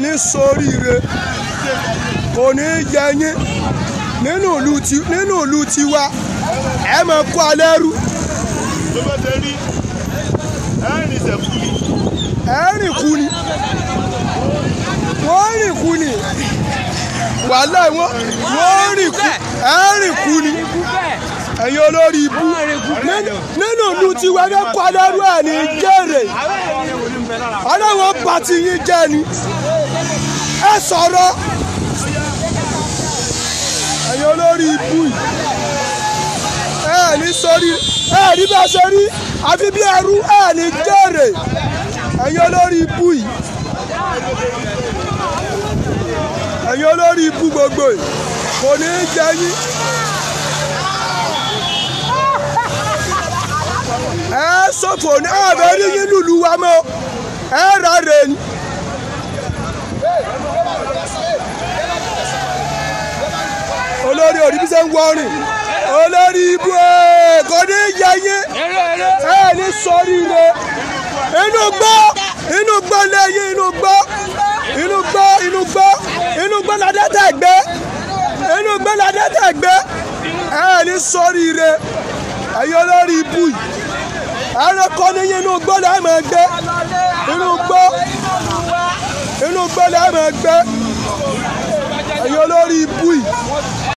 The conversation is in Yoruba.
ní soríire kò ní yẹ yín nínú ìlú tiwa ẹ máa kó alẹ́ rú. ló bá ti rí ẹ̀rìn ìṣẹ̀kú ni. ẹ̀rìn kú ni wọ́n rìn kú ni wàhálà wọn wọ́n rìn kú ẹ̀rìn kú ni ẹ̀yin olórí ibú nínú ìlú tiwa ní kó alẹ́ rú ẹ̀ ní jèrè ọlọ́wọ́ bá ti yín jẹ́ ni ẹ sọ̀rọ̀ ẹ̀yin olórí ibú yìí ẹ ní sórí ẹ ní bá ṣe rí àfi bí ẹrú ẹ ní jèrè ẹ̀yin olórí ibú yìí ẹ̀yin olórí ibú gbogbo yìí kò ní í jẹ yín. ẹ sọ̀fọ̀ ní àbẹ̀rí yín lùlù wa mọ́ ẹ rà olórí òrí bí ṣe ń wọrin olórí ibú ẹ eh, kò ní yẹyẹ ẹ ní sọrí rẹ inú gbọ́ inú gbọ́ lẹ́yìn inú gbọ́ inú gbọ́ inú gbọ́ inú gbọ́ ládé tẹ̀ gbé inú gbọ́ ládé tẹ̀ gbé ẹ ní sọrí rẹ ẹ̀yin olórí ibú yìí ẹranko níyìn inú gbọ́ lẹ́yìn máa inú gbọ́ inú gbọ́ lẹ́yìn máa